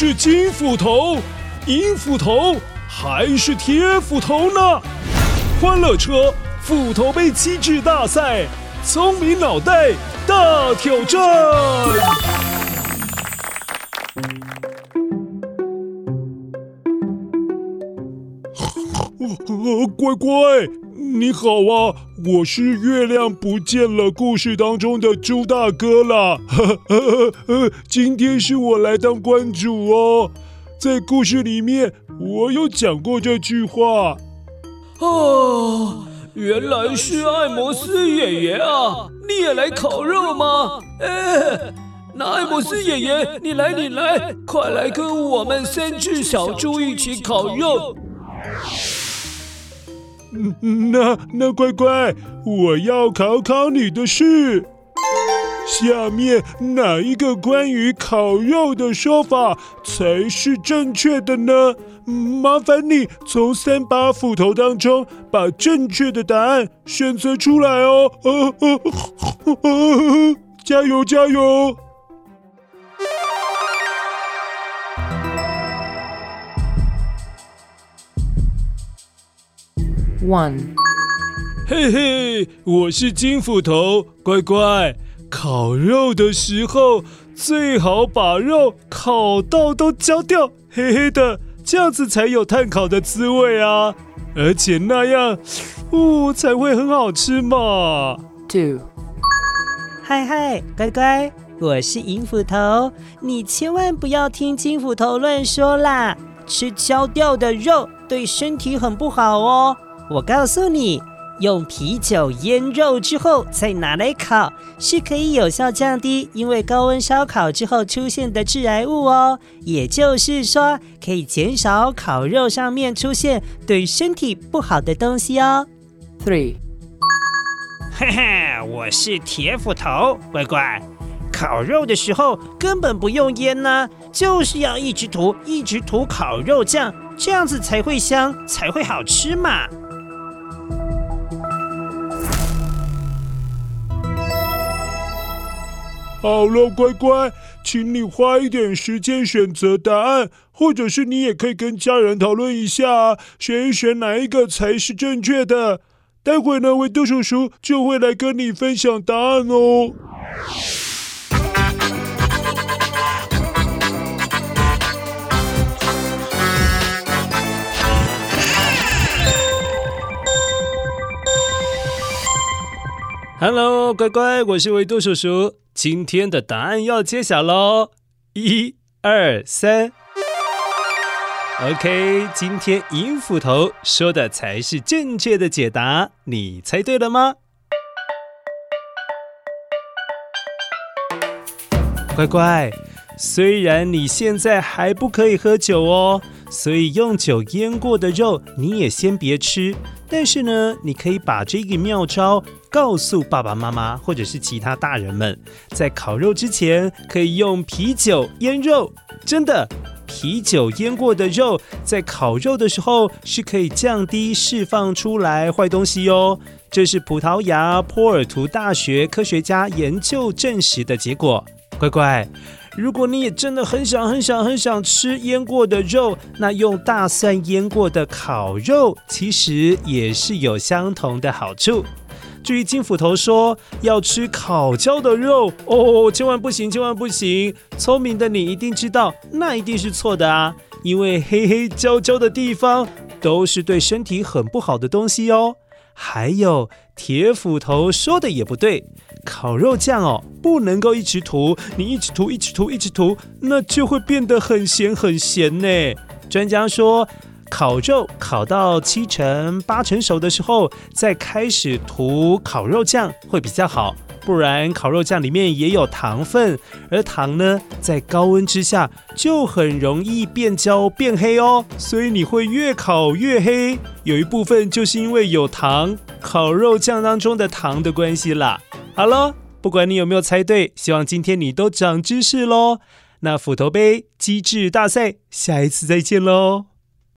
是金斧頭、銀斧頭還是鐵斧頭呢？歡樂車斧頭杯機智大賽，聰明腦袋大挑戰。乖乖。你好啊，我是月亮不見了故事當中的豬大哥啦。呵呵呵呵。今天是我來當關主哦，在故事裡面我有講過這句話。哦，原來是愛摩斯爺爺啊，你也來烤肉嗎？哎，那愛摩斯爺爺，你來你來，快來跟我們三隻小豬一起烤肉。那那乖乖，我要考考你的事。下面哪一個關於烤肉的說法才是正確的呢？麻煩你從三把斧頭當中把正確的答案選擇出來哦！加油加油！One，嘿嘿，我是金斧頭，乖乖，烤肉的時候最好把肉烤到都焦掉，黑黑的，這樣子才有碳烤的滋味啊，而且那樣，嗚、哦，才會很好吃嘛。Two，嗨嗨，乖乖，我是銀斧頭，你千萬不要聽金斧頭亂說啦，吃焦掉的肉對身體很不好哦。我告訴你，用啤酒醃肉之後再拿來烤，是可以有效降低因為高溫燒烤之後出現的致癌物哦。也就是說，可以減少烤肉上面出現對身體不好的東西哦。Three，嘿嘿，我是鐵斧頭，乖乖，烤肉的時候根本不用醃呢、啊，就是要一直塗一直塗烤肉醬，這樣子才會香，才會好吃嘛。好了，乖乖，請你花一點時間選擇答案，或者是你也可以跟家人討論一下啊，選一選哪一個才是正確的。待會呢，維度叔叔就會來跟你分享答案哦。Hello，乖乖，我是維度叔叔。今天的答案要揭曉嘍！一、二、三。OK，今天銀斧頭說的才是正確的解答，你猜對了嗎？乖乖，雖然你現在還不可以喝酒哦，所以用酒醃過的肉你也先別吃。但是呢，你可以把這個妙招，告訴爸爸媽媽，或者是其他大人們，在烤肉之前可以用啤酒醃肉。真的，啤酒醃過的肉在烤肉的時候是可以降低釋放出來壞東西哦。這是葡萄牙波爾圖大學科學家研究證實的結果。乖乖，如果你也真的很想、很想、很想吃醃過的肉，那用大蒜醃過的烤肉其實也是有相同的好處。至於金斧頭說要吃烤焦的肉哦，千萬不行，千萬不行！聰明的你一定知道，那一定是錯的啊，因為黑黑焦焦的地方都是對身體很不好的東西哦。還有鐵斧頭說的也不對，烤肉醬哦不能夠一直塗，你一直塗一直塗一直塗，那就會變得很鹹很鹹呢。專家說，烤肉烤到七成八成熟的時候，再開始塗烤肉醬會比較好。不然，烤肉醬裡面也有糖分，而糖呢，在高溫之下就很容易變焦變黑哦。所以你會越烤越黑，有一部分就是因為有糖，烤肉醬當中的糖的關係啦。好了，不管你有沒有猜對，希望今天你都長知識嘍。那斧頭盃機智大賽，下一次再見嘍。